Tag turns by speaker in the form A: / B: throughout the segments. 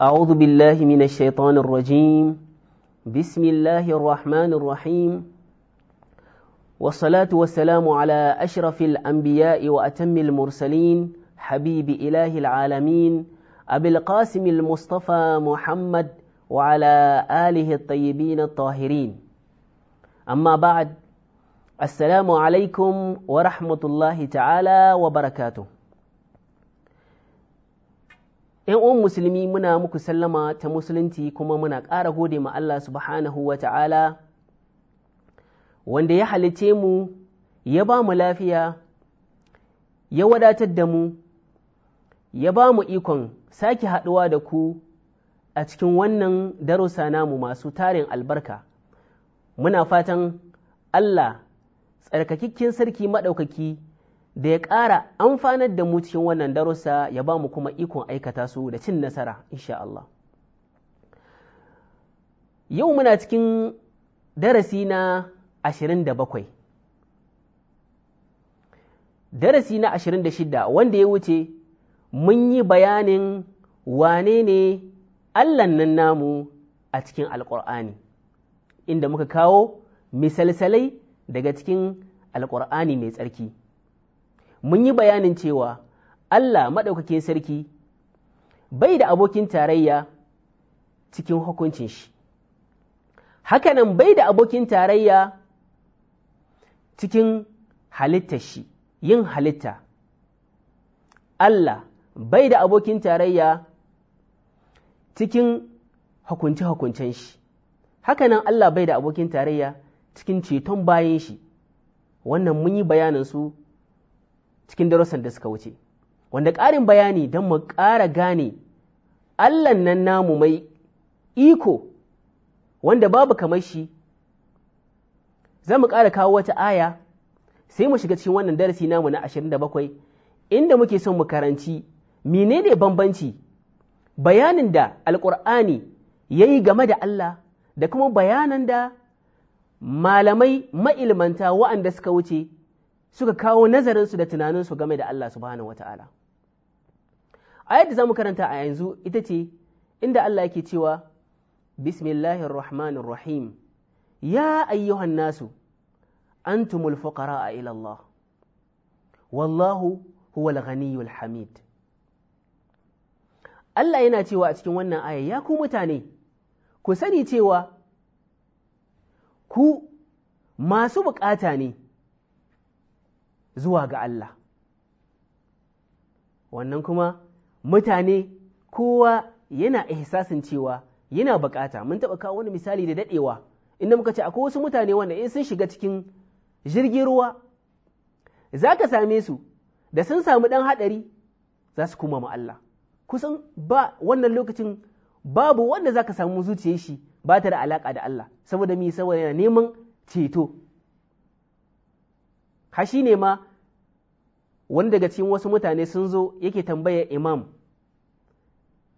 A: أعوذ بالله من الشيطان الرجيم بسم الله الرحمن الرحيم والصلاة والسلام على أشرف الأنبياء وأتم المرسلين حبيب إله العالمين أبي القاسم المصطفى محمد وعلى آله الطيبين الطاهرين أما بعد السلام عليكم ورحمة الله تعالى وبركاته ‘Yan uwan musulmi muna muku sallama ta musulunci kuma muna ƙara gode ma Allah subhanahu wa ta'ala, wanda ya halice mu, ya ba mu lafiya, ya wadatar da mu, ya ba mu ikon sake haɗuwa da ku a cikin wannan darussa namu masu tarin albarka. Muna fatan Allah tsarkakakken sarki maɗaukaki da ya ƙara amfanar da mu cikin wannan darussa ya ba mu kuma ikon aikata su da cin nasara insha Allah yau muna cikin darasi na 27 darasi na 26 wanda ya wuce mun yi bayanin wane ne Allahn nan namu a cikin alƙur'ani inda muka kawo misalsalai daga cikin alƙur'ani mai tsarki mun yi bayanin cewa Allah maɗaukakin sarki bai da abokin tarayya cikin hukuncin shi, hakanan bai da abokin tarayya cikin halittar shi, yin halitta. Allah bai da abokin tarayya cikin hukunce-hukuncen shi, hakanan Allah bai da abokin tarayya cikin ceton bayan shi, wannan mun yi bayanin su cikin darussan da suka wuce wanda ƙarin bayani don mu ƙara gane allan nan namu mai iko wanda babu kamar shi za mu ƙara kawo wata aya sai mu shiga cikin wannan darasi namu na 27 inda muke son mu karanci menene bambanci bayanin da alƙur'ani ya yi game da Allah da kuma bayanan da malamai ma'ilmanta wa'anda suka wuce suka kawo nazarinsu da tunaninsu game da Allah subhanahu wa ta'ala. Ayat da za mu karanta a yanzu ita ce inda Allah yake cewa, Bismillahir Rahmanir Rahim, ya ayyuhan nasu, antumul fuqara a ilallah, wallahu huwal ghaniyul hamid. Allah yana cewa a cikin wannan aya ya ku mutane, ku sani cewa ku masu bukata ne zuwa ga Allah wannan kuma mutane kowa yana ihsasin cewa yana bukata mun taɓa kawo wani misali da daɗewa inda muka ce akwai wasu mutane wanda in sun shiga cikin jirgin ruwa za ka same su da sun samu ɗan haɗari za su kuma ma Allah kusan ba wannan lokacin babu wanda za ka samu zuciyar shi ba ta da alaƙa da Allah saboda mi saboda yana neman ceto ka shi ne ma wani daga cikin wasu mutane sun zo yake tambaya imam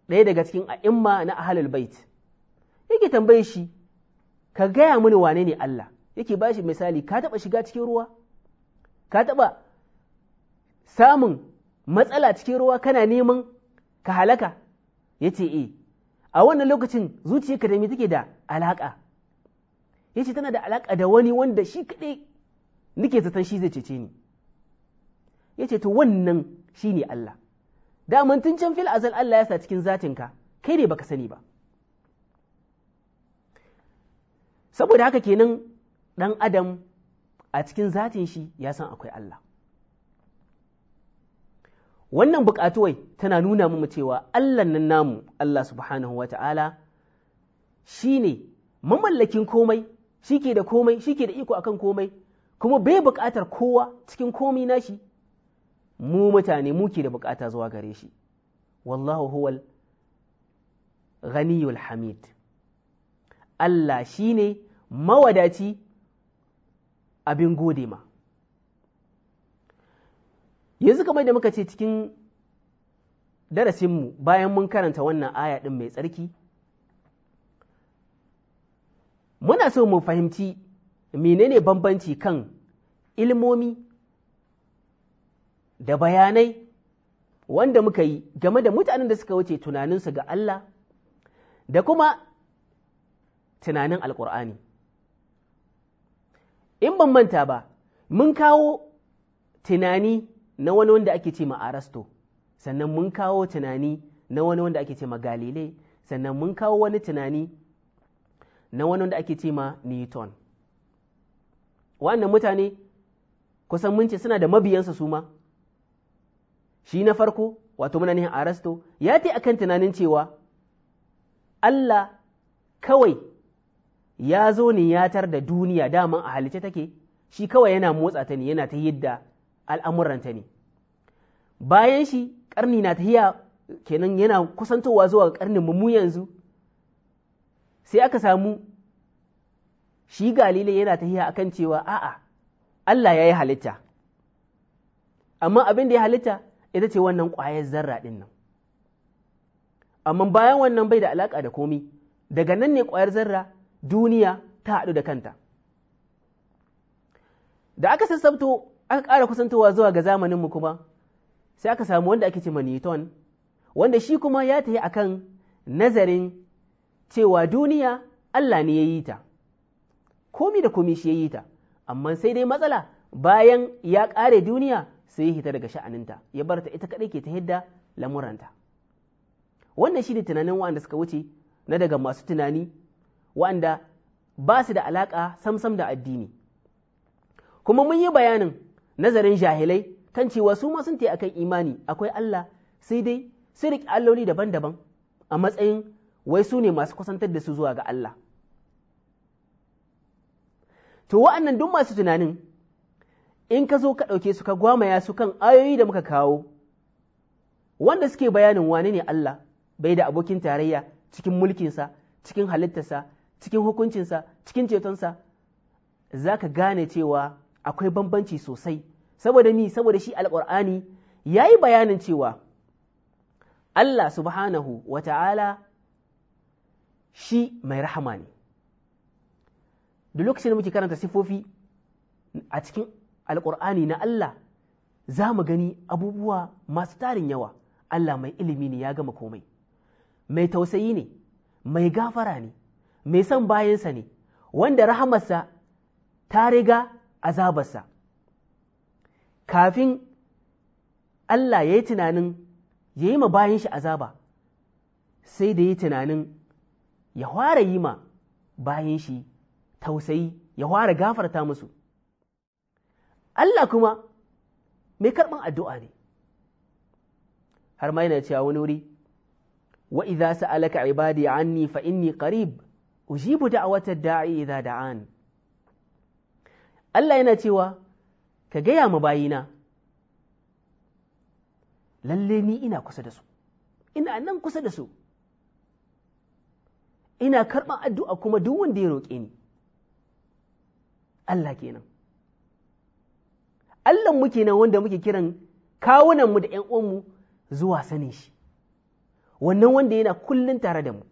A: ɗaya daga cikin a'imma na ahalul bait yake tambaye shi ka gaya mini wane ne Allah yake ba shi misali ka taɓa shiga cikin ruwa ka taɓa samun matsala cikin ruwa kana neman ka halaka ya ce e a wannan lokacin zuciyarka da me take da alaƙa ya ce tana da alaƙa da wani wanda shi kaɗai nike san shi zai cece ni ya ce to wannan shi ne Allah mun tun can fil azal Allah ya sa cikin zatinka kai ne baka sani ba saboda haka kenan ɗan adam a cikin zatin shi ya san akwai Allah wannan buƙatuwai tana nuna mu cewa Allah nan namu Allah subhanahu wa ta'ala shi ne mamallakin komai shi ke da komai shi ke da iko akan komai kuma bai buƙatar kowa cikin komi nashi mu mutane muke da buƙata zuwa gare shi wallahu huwal ghaniyul hamid Allah shi ne mawadaci abin gode ma yanzu kamar da muka ce cikin darasinmu bayan mun karanta wannan aya ɗin mai tsarki muna so mu fahimci menene bambanci kan ilmomi da bayanai wanda muka yi game da mutanen da suka wuce tunaninsu ga Allah da kuma tunanin alkur'ani in ban manta ba mun kawo tunani na wani wanda ake ce ma arasto sannan mun kawo tunani na wani wanda ake ce ma galile sannan mun kawo wani tunani na wani wanda ake ce ma newton wannan mutane kusan mun ce suna da mabiyansa su ma shi na farko wato muna nihin arasto ya ta akan tunanin cewa Allah kawai ya zo ne ya tar da duniya dama a halice take shi kawai yana motsa ta ne yana ta yadda al'amuranta ne bayan shi karni na tahiya kenan yana kusantowa zuwa mu, mu yanzu sai aka samu shi galile yana tahiya akan cewa a'a Allah ya yi halitta amma abin da ya halitta ita ce wannan ƙwayar zarra ɗin nan amma bayan wannan bai da alaƙa da komi daga nan ne ƙwayar zarra duniya ta haɗu da kanta da aka sassabto aka ƙara kusantowa zuwa ga zamaninmu kuma sai aka samu wanda ake ce newton wanda shi kuma ya tafi akan nazarin cewa duniya Allah ne ya yi ta komi da komi shi ya yi ta amma sai dai matsala bayan ya ƙare duniya sai ya hita daga sha'aninta ya bar ta ita kaɗai ke ta hidda lamuranta wannan shi ne tunanin waɗanda suka wuce na daga masu tunani wa'anda ba su da alaƙa samsam da addini kuma mun yi bayanin nazarin jahilai kan cewa su ma sun ta akan imani akwai Allah sai dai su riƙe alloli daban-daban a matsayin wai su ne masu kusantar da su zuwa ga Allah to wa'annan duk masu tunanin in ka zo ka ɗauke su ka gwamaya su kan ayoyi da muka kawo wanda suke bayanin wane ne Allah bai da abokin tarayya cikin mulkinsa cikin halittarsa cikin hukuncinsa cikin cetonsa za ka gane cewa akwai bambanci sosai saboda mi saboda shi alƙur'ani ya yi bayanin cewa Allah subhanahu wa ta'ala shi mai rahama ne duk lokacin da muke karanta sifofi a cikin alkur'ani na Allah za mu gani abubuwa masu tarin yawa Allah mai ilimi ne ya gama komai mai tausayi ne mai gafara ne mai son bayansa ne wanda rahamarsa ta riga azabarsa kafin Allah ya yi tunanin ya yi ma bayan shi azaba sai da ya yi tunanin ya fara yi ma bayan shi tausayi ya fara gafarta musu Allah kuma mai karɓar addu'a ne har ma yana cewa wani wuri wa idza sa'alaka ibadi anni fa inni qarib ujibu da'watad da'i idza da'an Allah yana cewa ka gaya ma bayina lalle ni ina kusa da su ina nan kusa da su ina karɓar addu'a kuma duk wanda ya roƙe ni Allah kenan Allah muke nan wanda muke kiran kawunanmu da ‘yan uwanmu zuwa sanin shi wannan wanda yana kullun tare da mu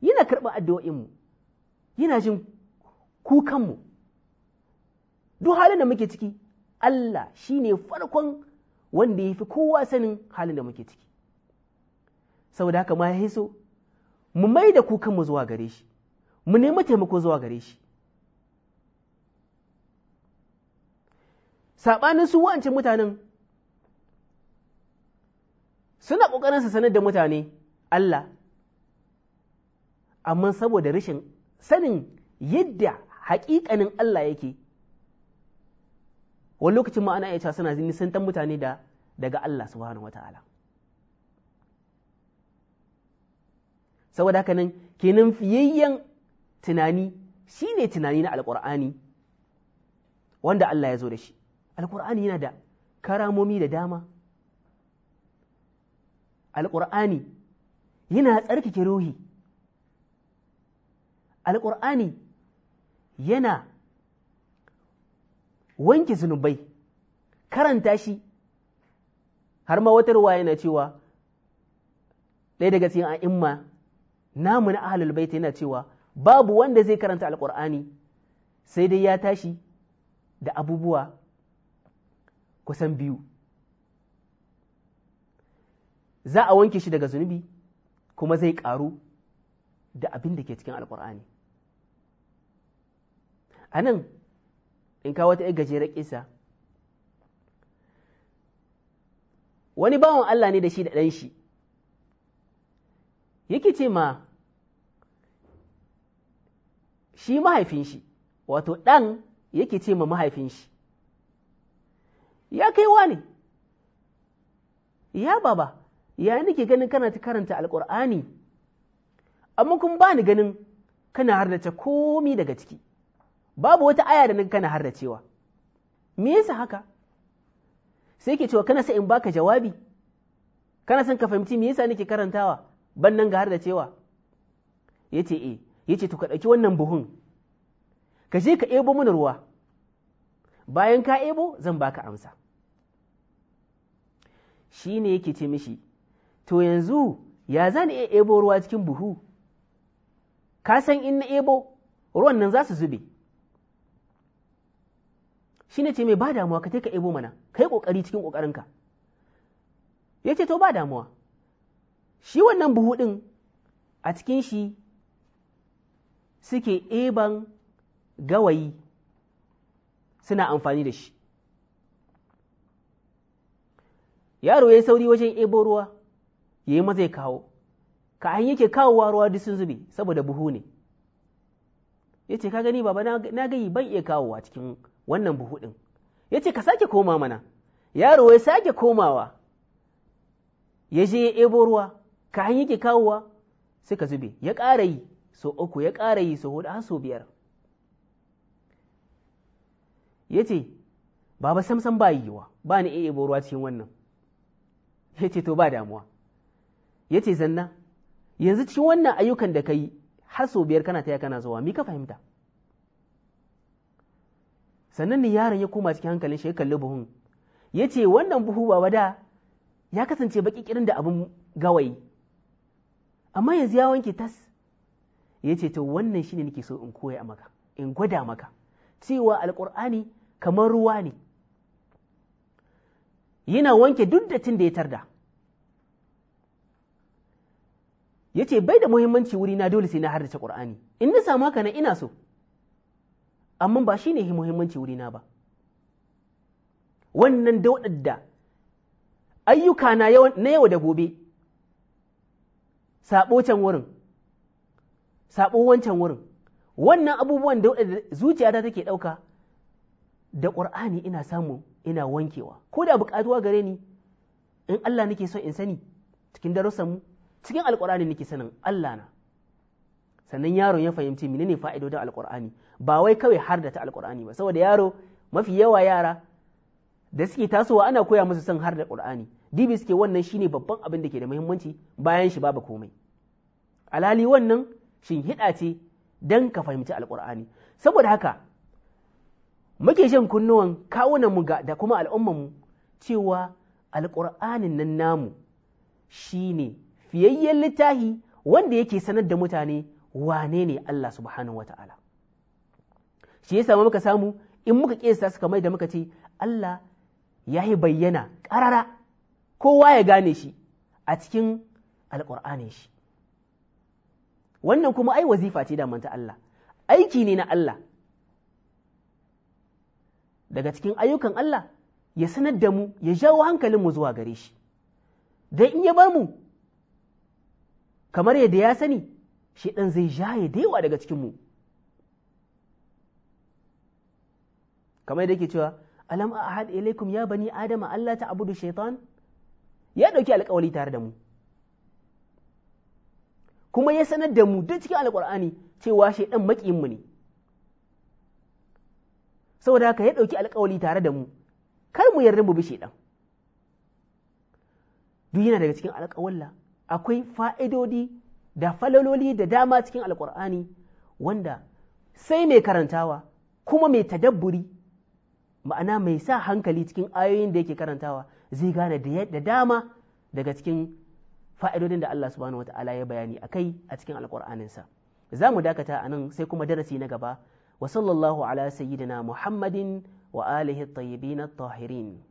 A: yana karɓar mu, yana jin kukanmu duk halin da muke ciki Allah shi ne farkon wanda ya fi kowa sanin halin da muke ciki saboda haka ma ya so mu mai da kukanmu zuwa gare shi mu nemi taimako zuwa gare shi saɓanin su wa'ancin mutanen suna ƙoƙarin su sanar da mutane Allah amma saboda rashin sanin yadda haƙiƙanin Allah yake wani lokacin ma ana cewa suna nisantar mutane da daga Allah subhanahu wa ta'ala saboda haka nan kenan fiyayyen tunani shi ne tunani na alƙur'ani wanda Allah ya zo da shi alƙur'ani yana da karamomi da dama alƙur'ani yana tsarkake ruhi alƙur'ani yana wanke zunubai karanta shi har ma wata ruwa yana cewa ɗaya daga cikin a'imma namu na ahlul baita yana cewa babu wanda zai karanta alƙur'ani sai dai ya tashi da abubuwa kusan biyu za a wanke shi daga zunubi kuma zai ƙaru da abin da ke cikin alƙur'ani a nan in kawo ta gajerar ƙisa wani bawan Allah ne da shi da ɗan shi yake ce ma shi mahaifin shi wato ɗan yake ce ma mahaifin shi ya kai ne? ya baba ya nake ganin kana ta karanta alƙur'ani amma kun ba ni ganin kana hardace komi daga ciki babu wata aya da nan kana hardacewa me yasa haka sai ke cewa kana sa in baka jawabi kana son ka fahimci me yasa nake karantawa ban nan ga hardacewa yace eh yace to ka ɗauki wannan buhun ka je ka ebo mana ruwa bayan ka ebo zan baka amsa shi ne yake ce mishi to yanzu ya zan iya ebo ruwa cikin buhu ka san in na ebo ruwan nan za su zube shi ne ce mai ba damuwa ka ka ebo mana ka yi ƙoƙari cikin ƙoƙarinka ya ce to ba damuwa shi wannan buhu ɗin a cikin shi suke eban gawayi suna amfani da shi yaro ya yi sauri wajen ebo ruwa ya yi maza ya kawo ka an yake kawowa ruwa duk sun zube saboda buhu ne ya ce ka gani baba na gayi ban iya kawowa cikin wannan buhu ɗin ya ce ka sake koma mana yaro ya sake komawa ya je ya ebo ruwa ka an yake kawowa suka zube ya ƙara yi so uku ya ƙara yi so hudu har so biyar ya ce baba samsam ba yiwuwa ba ni iya ruwa cikin wannan ya ce to ba damuwa ya ce zanna yanzu cikin wannan ayyukan da ka yi har sau biyar kana taya kana zuwa mi ka fahimta sannan ni yaron ya koma cikin hankalin shi ya kalli buhun ya ce wannan buhu ba wada ya kasance baki kirin da abin gawayi amma yanzu ya wanke tas ya ce to wannan shine nake so in koya maka in gwada maka cewa alkur'ani kamar ruwa ne yana wanke duk datin da ya tarda ya ce bai da muhimmanci wuri na dole sai na hardace ƙur'ani in na samu haka na ina so amma ba shi ne muhimmanci wuri na ba wannan da da ayyuka na yau da gobe sabo can wurin sabo wancan wurin wannan abubuwan da zuciya ta take ɗauka da ƙur'ani ina samu ina wankewa ko da buƙatuwa gare ni in Allah nake so in sani cikin darussanmu cikin alƙur'ani nake sanin Allah na sannan yaron ya fahimci mene menene fa'idodin alƙur'ani ba wai kawai har da ta alƙur'ani ba saboda yaro mafi yawa yara da suke tasowa ana koya musu son har da ƙur'ani dibi suke wannan shine babban abin da ke da muhimmanci bayan shi babu komai alhali wannan shin hida ce dan ka fahimci alƙur'ani saboda haka muke shan kunnuwan kawunanmu da kuma al'ummanmu cewa alƙur'anin nan namu shine ne fiyayyen littahi wanda yake sanar da mutane wane ne Allah subhanahu wa ta'ala. Shi ya samu muka samu in muka ƙesa suka mai da muka ce Allah ya yi bayyana ƙarara kowa ya gane shi a cikin alƙur'anin shi. Wannan kuma ai wazifa ce ta Allah, aiki ne na Allah. daga cikin ayyukan Allah ya sanar da mu ya jawo mu zuwa gare shi dai in ya bar mu kamar yadda ya sani shi ɗan zai jaye da yawa daga cikinmu kamar yadda ke cewa alam a ahad ilaikum ya bani adama Allah ta abudu shaitan ya ɗauki alƙawali tare da mu kuma ya sanar da mu duk cikin Alƙur'ani cewa shaidan mu ne saboda haka ya ɗauki alkawali tare da mu kar mu yarda mu bi shaidan duk yana daga cikin alkawalla akwai fa'idodi da falololi da dama cikin alkur'ani wanda sai mai karantawa kuma mai tadabburi ma'ana mai sa hankali cikin ayoyin da yake karantawa zai gane da dama daga cikin fa'idodin da Allah subhanahu wata'ala ya bayani a kai a cikin Alƙur'aninsa. za mu dakata a nan sai kuma darasi na gaba wa sallallahu ala sayyidina muhammadin wa alihi at-tayyibin